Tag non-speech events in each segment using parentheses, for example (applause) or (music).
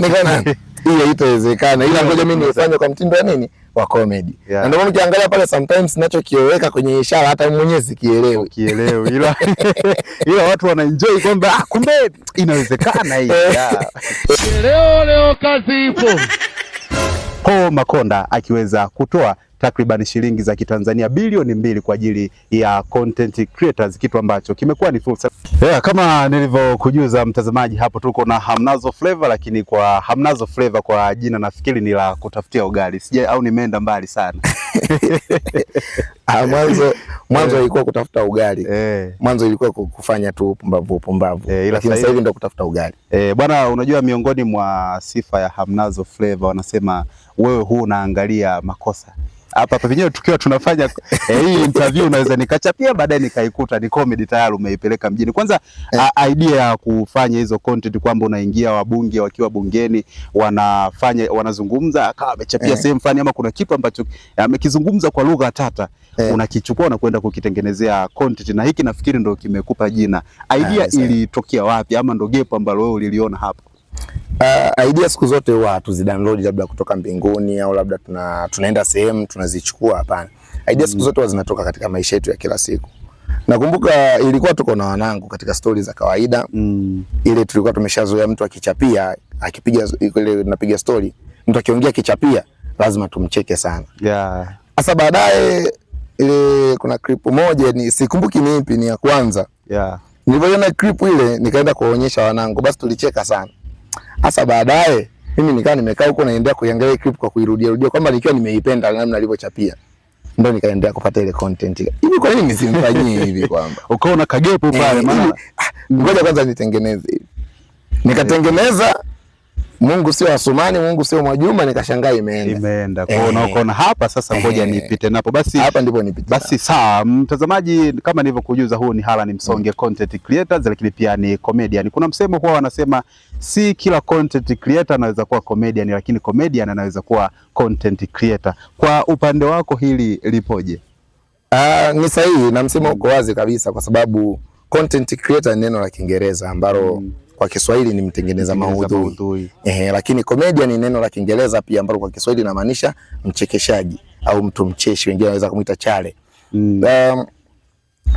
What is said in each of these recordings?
nikaona hii haitawezekana, ila ngoja mimi nifanye kwa mtindo wa nini wa comedy. Yeah. Na ndio maana ukiangalia pale sometimes nachokiweka kwenye ishara hata mwenyewe sikielewi. Kielewi (laughs) ila (laughs) ila watu wana enjoy kwamba ah, kumbe inawezekana hii. (laughs) Leo leo kazi ipo. Paul Makonda akiweza kutoa takriban shilingi za Kitanzania bilioni mbili kwa ajili ya content creators, kitu ambacho kimekuwa ni fursa yeah. Kama nilivyokujuza mtazamaji, hapo tuko na Hamnazo Flavor, lakini kwa Hamnazo Flavor kwa jina nafikiri ni la kutafutia ugali, sije, au nimeenda mbali sana? (laughs) Ah, mwanzo mwanzo eh. ilikuwa kutafuta ugali eh. Mwanzo ilikuwa kufanya tu pumbavu pumbavu eh, sasa hivi ndo kutafuta ugali eh, bwana. Unajua, miongoni mwa sifa ya Hamnazo Flavor wanasema wewe huu unaangalia makosa hapa hapa penyewe tukiwa tunafanya eh, hii interview unaweza nikachapia baadaye nikaikuta ni comedy tayari umeipeleka mjini. Kwanza eh, idea ya kufanya hizo content kwamba unaingia wabunge wakiwa bungeni wanafanya wanazungumza akawa amechapia eh, sehemu fulani ama kuna kitu ambacho amekizungumza kwa lugha tata eh, unakichukua na kwenda kukitengenezea content, na hiki nafikiri ndio kimekupa jina. Idea eh, ilitokea wapi ama ndio gap ambalo wewe uliliona hapo? Uh, idea siku zote huwa hatuzidownload labda kutoka mbinguni au labda tuna, tunaenda sehemu tunazichukua. Hapana, idea mm. siku zote huwa zinatoka katika maisha yetu ya kila siku. Nakumbuka ilikuwa tuko na wanangu katika stori za kawaida mm. Ile tulikuwa tumeshazoea mtu akichapia akipiga ile napiga stori, mtu akiongea akichapia lazima tumcheke sana yeah. Asa baadaye ile kuna clip moja ni sikumbuki ni ipi, ni ya kwanza yeah. Nilivyoiona clip ile nikaenda kuwaonyesha wanangu, basi tulicheka sana Hasa baadaye mimi nikawa nimekaa huko naendelea kuiangalia clip kwa kuirudia rudia kwamba nikiwa nimeipenda namna alivyochapia. Ndio nikaendelea kupata ile content. Hivi kwa nini nisimfanyie hivi kwamba? (laughs) Ukaona kagepo pale maana eh, eh, ah, ngoja kwanza nitengeneze hivi. Nikatengeneza Mungu sio Asumani, Mungu sio Mwajuma, nikashangaa imeenda. Imeenda. Kwa hiyo eh. unaona hapa sasa ngoja eh. nipite napo. Basi hapa ndipo nipite. Basi sawa, mtazamaji kama nilivyokujuza huu ni Hala ni Msonge content creators lakini pia ni comedian. Kuna msemo huwa wanasema si kila content creator anaweza kuwa comedian lakini comedian anaweza kuwa content creator. Kwa upande wako hili lipoje? Ah, ni sahihi na msemo uko wazi kabisa kwa sababu content creator ni neno la Kiingereza ambalo mm kwa Kiswahili ni mtengeneza maudhui. Maudhui. Ehe, lakini komedia ni neno la Kiingereza pia ambalo kwa Kiswahili inamaanisha mchekeshaji au mtu mcheshi, wengine wanaweza kumuita chale. Mm. Um,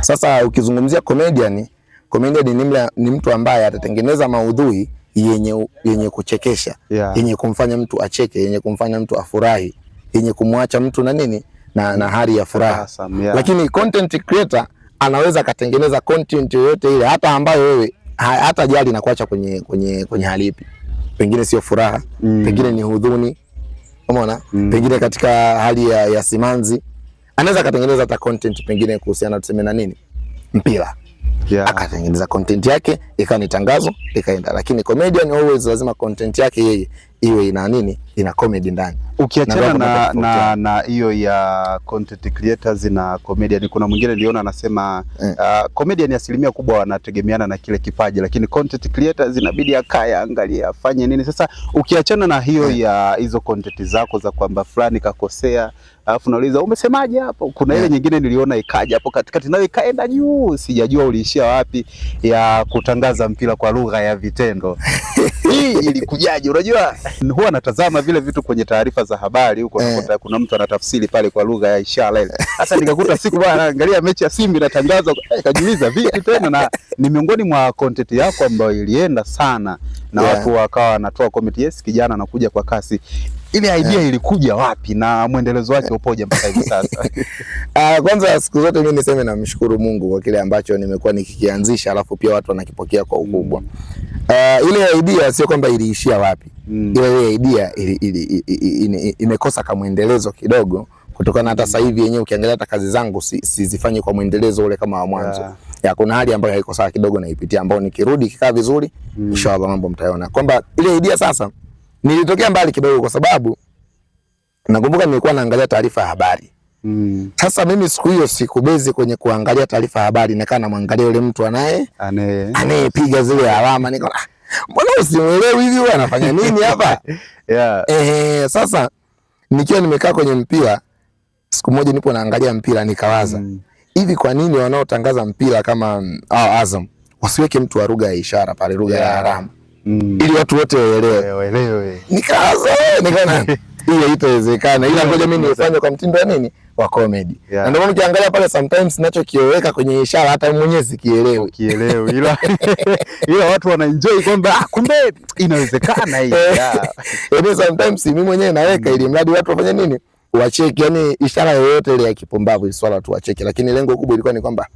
sasa ukizungumzia comedian, comedian ni mtu ambaye atatengeneza maudhui yenye, yenye kuchekesha yeah, yenye kumfanya mtu acheke, yenye kumfanya mtu afurahi, yenye kumwacha mtu na nini na, na hali ya furaha awesome, yeah. Lakini content creator anaweza akatengeneza content yoyote ile hata ambayo wewe hata jali inakuacha kwenye, kwenye, kwenye hali ipi? Pengine sio furaha mm. pengine ni huzuni umeona mm. pengine katika hali ya, ya simanzi anaweza akatengeneza hata content pengine kuhusiana tuseme na nini mpira yeah. Akatengeneza content yake ikawa ni tangazo ikaenda, lakini comedian always lazima content yake yeye iwe ina nini, ina comedy ndani. Ukiachana na hiyo ya content creators na comedian, kuna mwingine niliona anasema eh, uh, comedian asilimia kubwa wanategemeana na kile kipaji, lakini content creators inabidi akaya angalie afanye nini. Sasa ukiachana na hiyo eh, ya hizo content zako za kwamba fulani kakosea Alafu nauliza umesemaje hapo? Kuna ile nyingine niliona ikaja hapo katikati nayo ikaenda juu, sijajua uliishia wapi, ya kutangaza mpira kwa lugha ya vitendo (laughs) hii ilikujaje? Unajua, huwa natazama vile vitu kwenye taarifa za habari huko, eh. nakuta kuna mtu anatafsiri pale kwa lugha ya ishara ile. Sasa nikakuta siku bwana, angalia mechi ya Simba inatangazwa, eh, nikajiuliza vipi tena, na ni miongoni mwa content yako ambayo ilienda sana na yeah. Watu wakawa wanatoa comment, yes, kijana anakuja kwa kasi ile idea yeah, ilikuja wapi na mwendelezo wake upoje mpaka hivi sasa? Uh, (laughs) kwanza siku zote mimi niseme namshukuru Mungu kwa kile ambacho nimekuwa nikikianzisha, alafu pia watu wanakipokea kwa ukubwa. Uh, ile idea sio kwamba iliishia wapi mm. Ile idea ili, ili, ili, ili, imekosa kama mwendelezo kidogo kutokana hata sasa hivi yenyewe ukiangalia hata kazi zangu sizifanyi si kwa mwendelezo ule kama wa mwanzo yeah. Ya, kuna hali ambayo haiko sawa kidogo naipitia, ambao nikirudi kikaa vizuri, mm. inshallah mm. mambo mtayaona kwamba ile idea sasa mm. Nilitokea mbali kidogo kwa sababu nakumbuka nilikuwa naangalia taarifa ya habari. Mm. Sasa mimi siku hiyo sikubezi kwenye kuangalia taarifa ya habari, nikaa namwangalia yule mtu anaye anayepiga zile alama, niko ah, mbona usimuelewi hivi, wewe anafanya nini hapa? (laughs) yeah. Eh, sasa nikiwa nimekaa kwenye mpira, siku moja nipo naangalia mpira nikawaza mm. hivi mm. kwa nini wanaotangaza mpira kama oh, Azam wasiweke mtu wa lugha ya ishara pale, lugha yeah. ya alama mm. ili watu wote waelewe eh, waelewe. Nikaanza eh, nikaona (laughs) hiyo haitawezekana, ila ngoja mimi nifanye kwa mtindo wa nini wa comedy yeah. Na ndio maana ukiangalia pale sometimes nachokiweka kwenye ishara hata mwenyewe sikielewi kielewi, (laughs) ila (laughs) ila watu wana enjoy kwamba ah, kumbe inawezekana hii eh, yeah. Yaani sometimes mimi mwenyewe naweka mm. ili mradi watu wafanye nini wacheki, yani ishara yoyote ile ya kipumbavu, swala tu wacheki, lakini lengo kubwa ilikuwa ni kwamba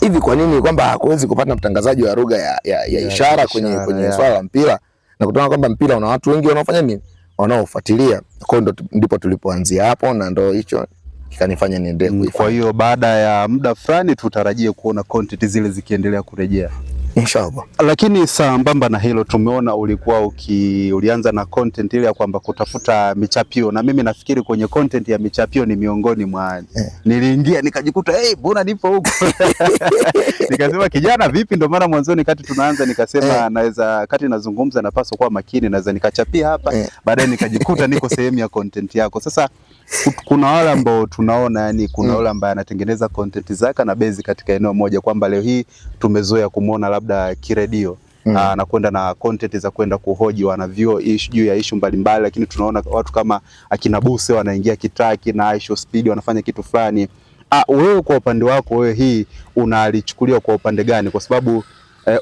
hivi kwa nini kwamba hakuwezi kupata mtangazaji wa lugha ya, ya, ya ishara kwenye, kwenye swala la mpira na kutoka kwamba mpira una watu wengi wanaofanya nini, wanaofuatilia. Kwa hiyo ndipo tulipoanzia hapo na ndo hicho kikanifanya niendelee. Mm, kwa hiyo baada ya muda fulani tutarajie kuona content zile zikiendelea kurejea inshallah. Lakini sambamba na hilo, tumeona ulikuwa uki, ulianza na content ile ya kwamba kutafuta michapio, na mimi nafikiri kwenye content ya michapio ni miongoni mwa yeah. Niliingia nikajikuta hey, mbona nipo huko (laughs) nikasema kijana, vipi? Ndio maana mwanzoni kati tunaanza nikasema yeah. Naweza kati nazungumza napaswa kuwa makini, naweza nikachapia hapa yeah. Baadaye nikajikuta niko sehemu ya content yako sasa kuna wale ambao tunaona yani, kuna mm. wale ambao anatengeneza content zake na base katika eneo moja, kwamba leo hii tumezoea kumwona labda kiredio mm. Uh, na kwenda na content za kwenda kuhoji wanavyuo juu ya ishu mbalimbali, lakini tunaona watu kama akina Buse wanaingia kitaki na Aisho Speed wanafanya kitu fulani. Uh, wewe kwa upande wako wewe hii unalichukulia kwa upande gani? Kwa sababu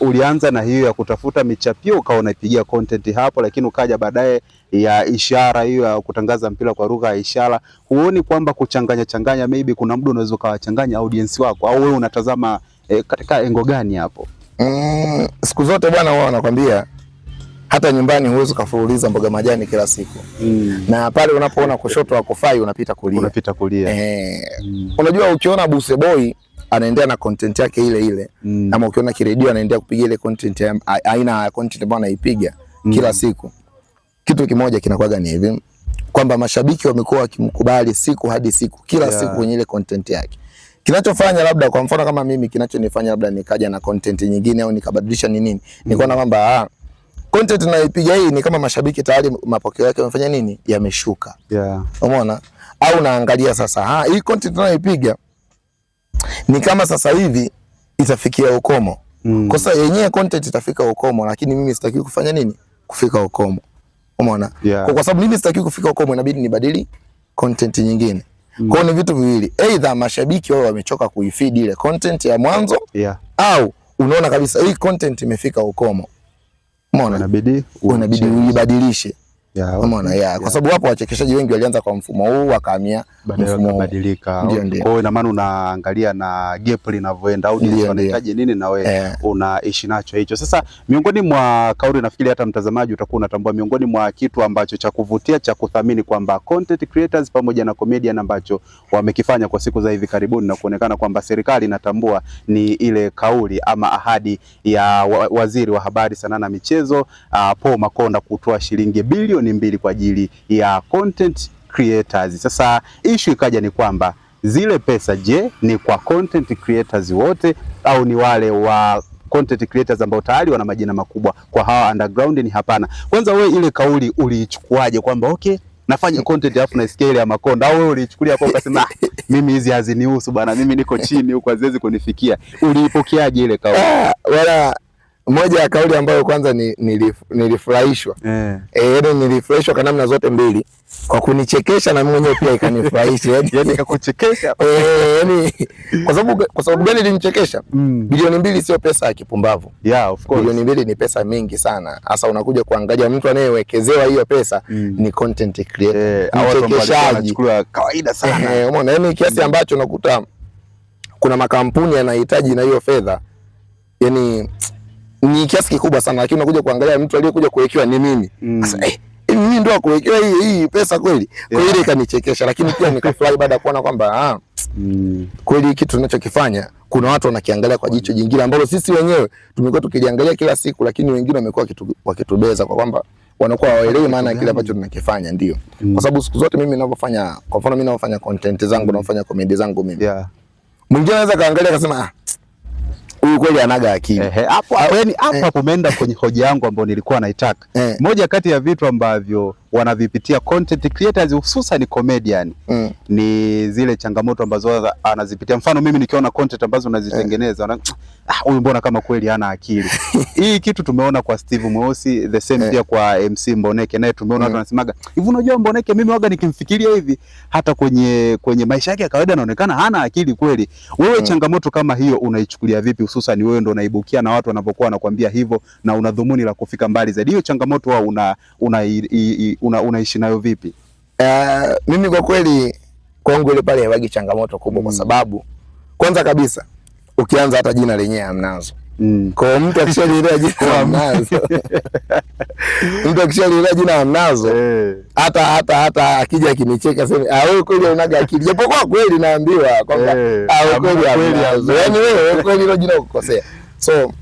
Uh, ulianza na hiyo ya kutafuta michapio ukawa unaipigia content hapo, lakini ukaja baadaye ya ishara hiyo ya kutangaza mpira kwa lugha ya ishara. Huoni kwamba kuchanganya changanya, maybe kuna muda unaweza ukawachanganya audience wako, au wewe unatazama eh, katika engo gani hapo? Mm, siku zote bwana, huwa wanakwambia hata nyumbani huwezi kufuruliza mboga majani kila siku mm. na pale unapoona kushoto hakufai unapita kulia, unapita kulia. Eh, mm. unajua ukiona Buse Boy anaendea na content yake ile ile mm. ama ukiona Kiredio anaendea kupiga ile content ya aina ya content ambayo anaipiga mm. kila siku, kitu kimoja kinakuwa ni hivi kwamba mashabiki wamekuwa wakimkubali siku hadi siku, kila yeah. siku kwenye ile content yake Kinachofanya labda kwa mfano kama mimi kinachonifanya labda nikaja na content nyingine au nikabadilisha ni nini? Ni kuona kwamba ah, content naipiga hii ni kama mashabiki tayari mapokeo yake yamefanya nini? Yameshuka. Yeah. Umeona? Au naangalia sasa, ah, hii content ninayoipiga ni kama sasa hivi itafikia ukomo. Mm. Kwa sababu yenyewe content itafika ukomo, lakini mimi sitaki kufanya nini? Kufika ukomo. Umeona? Yeah. Kwa, kwa sababu mimi sitaki kufika ukomo inabidi nibadili content nyingine. Mm. kwao ni vitu viwili. Aidha mashabiki wao wamechoka kuifeed ile content ya mwanzo yeah. Au unaona kabisa hii content imefika ukomo. Umeona? Inabidi uibadilishe yeah, yeah, yeah. Kwa sababu wapo wachekeshaji wengi walianza kwa mfumo huu wakahamia mfumo badilika. Kwa hiyo ina maana unaangalia na gap linavyoenda au jinsi nini na wewe yeah, unaishi nacho hicho. Sasa miongoni mwa kauli, nafikiri hata mtazamaji utakuwa unatambua, miongoni mwa kitu ambacho cha kuvutia cha kuthamini kwamba content creators pamoja na comedian ambacho wamekifanya kwa siku za hivi karibuni na kuonekana kwamba serikali inatambua ni ile kauli ama ahadi ya waziri wa habari, sanaa na michezo uh, Paul Makonda kutoa shilingi bilioni milioni mbili kwa ajili ya content creators. Sasa ishu ikaja ni kwamba zile pesa je, ni kwa content creators wote au ni wale wa content creators ambao tayari wana majina makubwa? Kwa hawa underground ni hapana. Kwanza we ile kauli uliichukuaje kwamba okay nafanya content alafu na scale ya Makonda au wewe ulichukulia kwa ukasema ah, mimi hizi hazinihusu bana, mimi niko chini huko haziwezi kunifikia? Uliipokeaje ile kauli? Ah, wala moja ya kauli ambayo kwanza nilifurahishwa ni, ni ni eh. E, nilifurahishwa kwa namna zote mbili, kwa kunichekesha na mimi mwenyewe pia ikanifurahisha (laughs) yani yaani ikakuchekesha (laughs) eh, yani kwa sababu kwa sababu gani ilinichekesha? mm. bilioni mbili sio pesa ya kipumbavu yeah, of course. Bilioni mbili ni pesa mingi sana, hasa unakuja kuangalia mtu anayewekezewa hiyo pesa mm. ni content creator eh, au mchekeshaji kawaida sana eh, umeona yani kiasi mm. ambacho unakuta kuna makampuni yanahitaji na hiyo fedha yani ni kiasi kikubwa sana, lakini unakuja kuangalia mtu aliyekuja kuwekewa ni mimi mm. sasa mm. eh, mimi ndo kuwekewa hii hii pesa kweli kwa ile ikanichekesha, lakini pia nikafurahi baada ya kuona kwamba ah, mm. kweli kitu tunachokifanya kuna watu wanakiangalia kwa jicho jingine ambalo sisi wenyewe tumekuwa tukiliangalia kila siku, lakini wengine wamekuwa wakitubeza kwa kwamba wanakuwa hawaelewi maana ya kile ambacho tunakifanya, ndio mm. kwa sababu siku zote mimi ninavyofanya, kwa mfano mimi ninavyofanya content zangu, ninavyofanya comedy zangu mimi yeah. mwingine anaweza kaangalia akasema ah huyu kweli anaga akili. Hapo yaani eh. hapo umeenda kwenye hoja yangu ambayo nilikuwa naitaka. Eh. Moja kati ya vitu ambavyo wanavipitia content creators hususan comedian mm. ni zile changamoto ambazo anazipitia. Mfano mimi nikiona content ambazo unazitengeneza mm. Eh. Ah, ah, huyu mbona kama kweli hana akili (laughs) hii kitu tumeona kwa Steve Mweusi the same yeah. pia kwa MC Mboneke naye tumeona watu mm. wanasemaga hivi, unajua Mboneke mimi waga nikimfikiria hivi hata kwenye kwenye maisha yake ya kawaida anaonekana hana akili kweli. Wewe mm. changamoto kama hiyo unaichukulia vipi, hususan wewe ndo unaibukia na watu wanapokuwa wanakuambia hivyo na una dhumuni la kufika mbali zaidi, hiyo changamoto wao una, una i, i, una, unaishi nayo vipi? Uh, mimi kwa kweli kwangu ile pale hawagi changamoto kubwa, mm. kwa sababu kwanza kabisa ukianza hata jina lenyewe hamnazo Mm. Kwa (laughs) (laughs) mtu akishalielewa jina hamnazo. Mtu akishalielewa jina hamnazo. Hata hey. hata hata akija akinicheka sema, "Ah wewe kweli unaga akili." Japo kwa kweli naambiwa kwamba hey. Eh. ah wewe kweli hamnazo. Yaani wewe kweli hilo jina ukukosea. So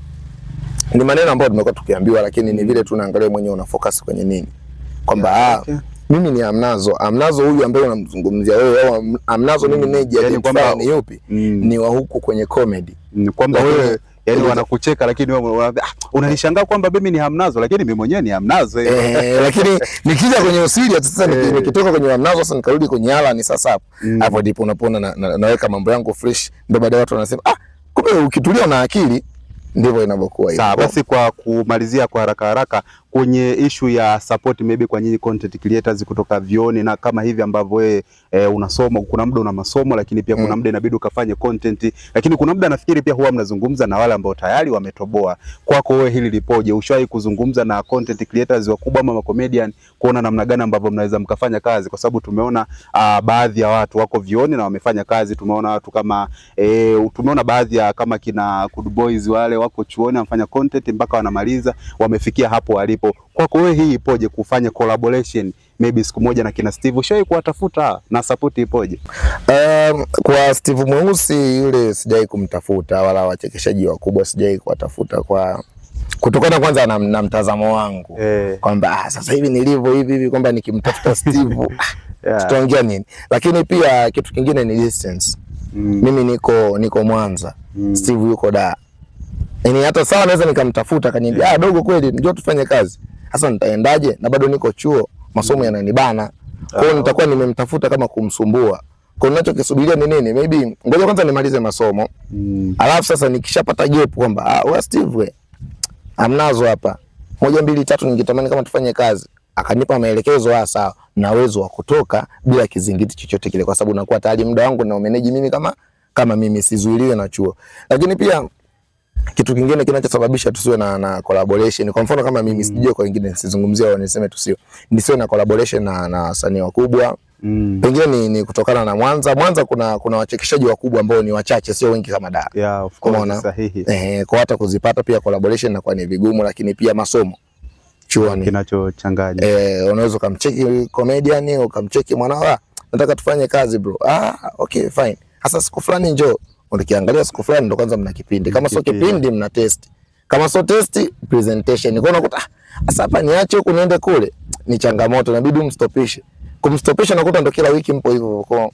ni maneno ambayo tumekuwa tukiambiwa, lakini ni vile tu naangalia mwenyewe una focus kwenye nini kwamba ah, mimi ni Amnazo. Amnazo huyu ambaye unamzungumzia wewe au Amnazo mimi yani kwamba ni yupi? mm. Ni wa huku kwenye comedy, kwamba wewe yani wanakucheka lakini wewe unanishangaa ah, kwamba mimi ni amnazo lakini mimi mwenyewe ni Amnazo. Eh, (laughs) lakini nikija kwenye usiri sasa eh. nikitoka kwenye amnazo sasa nikarudi kwenye ala ni sasa hapo. mm. Hapo ndipo unapona naweka mambo yangu fresh, ndio baadaye watu wanasema ah, kumbe ukitulia na akili ndivyo inavyokuwa hivyo. Sawa, basi kwa kumalizia kwa haraka haraka kwenye ishu ya support maybe kwa nyinyi content creators kutoka vioni na kama hivi ambavyo wewe eh, unasoma, kuna muda una masomo lakini pia mm. kuna muda inabidi ukafanye content, lakini kuna muda nafikiri pia huwa mnazungumza na wale ambao tayari wametoboa. Kwako wewe hili lipoje? Ushawahi kuzungumza na content creators wakubwa ama comedian kuona namna gani ambavyo mnaweza mkafanya kazi? Kwa sababu tumeona uh, baadhi ya watu wako vioni na wamefanya kazi. Tumeona watu kama eh, tumeona baadhi ya kama kina Good Boys wale wako chuoni wanafanya content mpaka wanamaliza, wamefikia hapo walipo. Kwako wewe hii ipoje kufanya collaboration maybe siku moja na kina Steve? Ushawahi kuwatafuta na support ipoje? Um, kwa Steve Mweusi yule sijai kumtafuta, wala wachekeshaji wakubwa sijai kuwatafuta kwa kutokana kwanza na, na mtazamo wangu eh, kwamba ah, sasa hivi nilivyo hivi hivi kwamba nikimtafuta (laughs) Steve ah, yeah, tutaongea nini? Lakini pia kitu kingine ni distance mm. Mimi niko niko Mwanza mm. Steve yuko Dar Yaani hata sawa naweza nikamtafuta akaniambia, yeah. Ah, dogo kweli njoo tufanye kazi. Sasa nitaendaje na bado niko chuo, masomo yananibana. Kwa hiyo ah, nitakuwa nimemtafuta kama kumsumbua. Kwa hiyo ninachokisubiria ni nini? Maybe ngoja kwanza nimalize masomo. Mm. Alafu sasa nikishapata gap kwamba ah, wewe Steve we amnazo hapa. Moja mbili tatu ningetamani kama tufanye kazi. Akanipa maelekezo haya ah, sawa na uwezo wa kutoka bila kizingiti chochote kile kwa sababu nakuwa tayari muda wangu na umeneji mimi kama kama mimi sizuiliwe na chuo. Lakini pia kitu kingine kinachosababisha tusiwe na, na collaboration kwa mfano kama mimi mm. sijui kwa wengine sizungumzie au niseme tusiwe nisiwe na collaboration na na wasanii wakubwa mm. Pengine ni, ni kutokana na Mwanza. Mwanza kuna kuna wachekeshaji wakubwa ambao ni wachache, sio wengi kama Dar. Yeah, of course, sahihi. Eh, kwa hata kuzipata pia collaboration na kwa ni vigumu, lakini pia masomo chuoni kinachochanganya eh, unaweza kumcheki comedian ukamcheki mwanawa ah, nataka tufanye kazi bro. Ah, okay fine, hasa siku fulani njoo unakiangalia siku fulani ndo kwanza mna kipindi. Kama sio kipindi mna test. Kama sio test presentation. Kwa unakuta ah, sasa hapa niache huku niende kule ni changamoto, inabidi umstopishe. Kumstopisha nakuta ndo kila wiki mpo hivyo kwa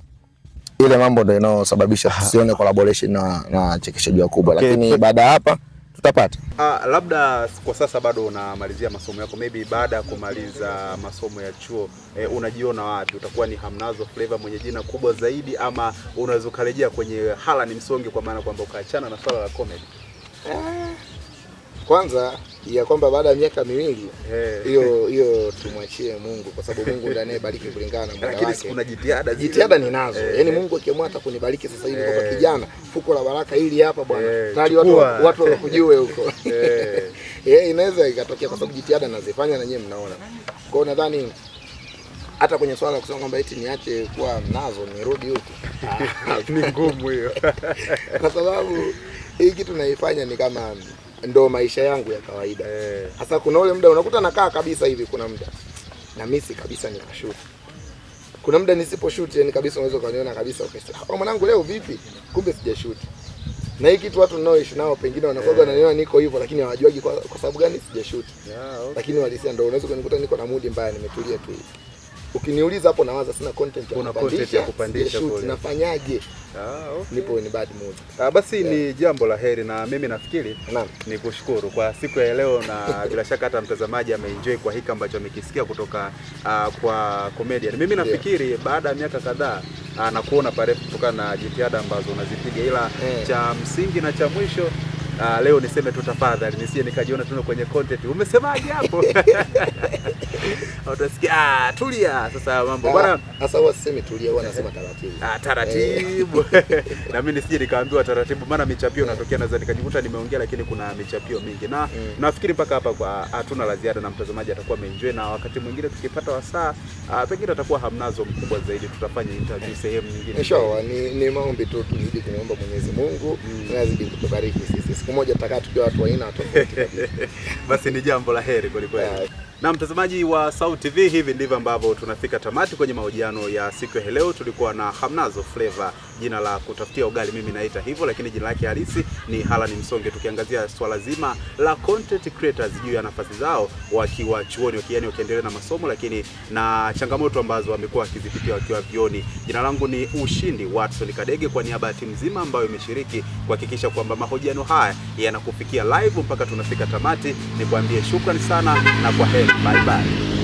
ile mambo ndo inayosababisha ah. tusione collaboration na na chekeshaji wakubwa okay. lakini baada hapa tutapata. Uh, labda kwa sasa bado unamalizia masomo yako, maybe baada ya kumaliza masomo ya chuo eh, unajiona wapi? Utakuwa ni Hamnazo Flavor mwenye jina kubwa zaidi, ama unaweza ukarejea kwenye hala ni msonge, kwa maana kwamba ukaachana na swala la comedy? Ah, kwanza ya kwamba baada ya miaka miwili eh. hiyo hiyo tumwachie Mungu, kwa sababu Mungu ndiye anayebariki kulingana na muda wake. Kuna jitihada jitihada ninazo, eh. yaani Mungu akiamua hata kunibariki sasa hivi kwa eh. kijana, fuko la baraka hili hapa bwana, tayari watu watu wakujue huko (laughs) eh, inaweza ikatokea, kwa sababu jitihada nazifanya na nyinyi mnaona. Kwa hiyo nadhani hata kwenye swala kusema kwamba eti niache kuwa mnazo nirudi huko (laughs) ni ngumu hiyo, (laughs) kwa sababu hii kitu naifanya ni kama ndo maisha yangu ya kawaida sasa. Eh. yeah. Kuna ule muda unakuta nakaa kabisa hivi, kuna muda na misi kabisa kashuti kuna muda nisipo shoot, yani kabisa unaweza kuniona kabisa ukasema, oh, mwanangu leo vipi? Kumbe shoot Na hii kitu watu naoishi nao pengine wanakuwa yeah. wananiona niko hivyo, lakini hawajuagi kwa, kwa sababu gani shoot Yeah, okay. Lakini walisema ndo unaweza kunikuta niko na mood mbaya, nimetulia tu hivi Ukiniuliza hapo nawaza sina content ya kupandisha, kupandisha nafanyaje? Ah, okay. Nipo in bad mood. Ah, basi yeah. Ni jambo la heri na mimi nafikiri ni kushukuru kwa siku ya leo na (laughs) bila shaka hata mtazamaji ameenjoy kwa hiki ambacho amekisikia kutoka uh, kwa comedian. Mimi nafikiri yeah. Baada ya miaka kadhaa uh, na kuona kutokana na jitihada ambazo unazipiga ila yeah. Cha msingi na cha mwisho Uh, leo niseme tu tafadhali nisije nikajiona tuna kwenye content. Umesemaje hapo? (laughs) (laughs) utasikia ah, tulia. Sasa mambo bwana, sasa huwa tulia, huwa taratibu. Ah, taratibu eh. (laughs) na mimi nisije nikaambiwa taratibu, maana michapio natokea, naweza nikajikuta nimeongea, lakini kuna michapio mingi na mm. nafikiri mpaka hapa kwa ah, hatuna la ziada, na mtazamaji atakuwa ameenjoy, na wakati mwingine tukipata wasaa ah, pengine atakuwa hamnazo mkubwa zaidi, tutafanya interview sehemu nyingine. Inshallah, ni, ni maombi tu tuzidi kumwomba Mwenyezi Mungu mm. azidi kutubariki sisi, siku moja tutakaa tukiwa watu wa aina tofauti (laughs) Basi ni jambo la heri kweli na mtazamaji wa SAUT TV, hivi ndivyo ambavyo tunafika tamati kwenye mahojiano ya siku ya leo. Tulikuwa na Hamnazo Flavor jina la kutafutia ugali mimi naita hivyo, lakini jina lake halisi ni Halani Msonge. Tukiangazia swala zima la content creators juu ya nafasi zao wakiwa chuoni, yani wakiendelea na masomo, lakini na changamoto ambazo wamekuwa wakizipitia wakiwa vioni. Jina langu ni Ushindi Watson Kadege, kwa niaba ya timu nzima ambayo imeshiriki kuhakikisha kwamba mahojiano haya yanakufikia live mpaka tunafika tamati. Nikwambie shukrani sana na kwa heri, bye bye.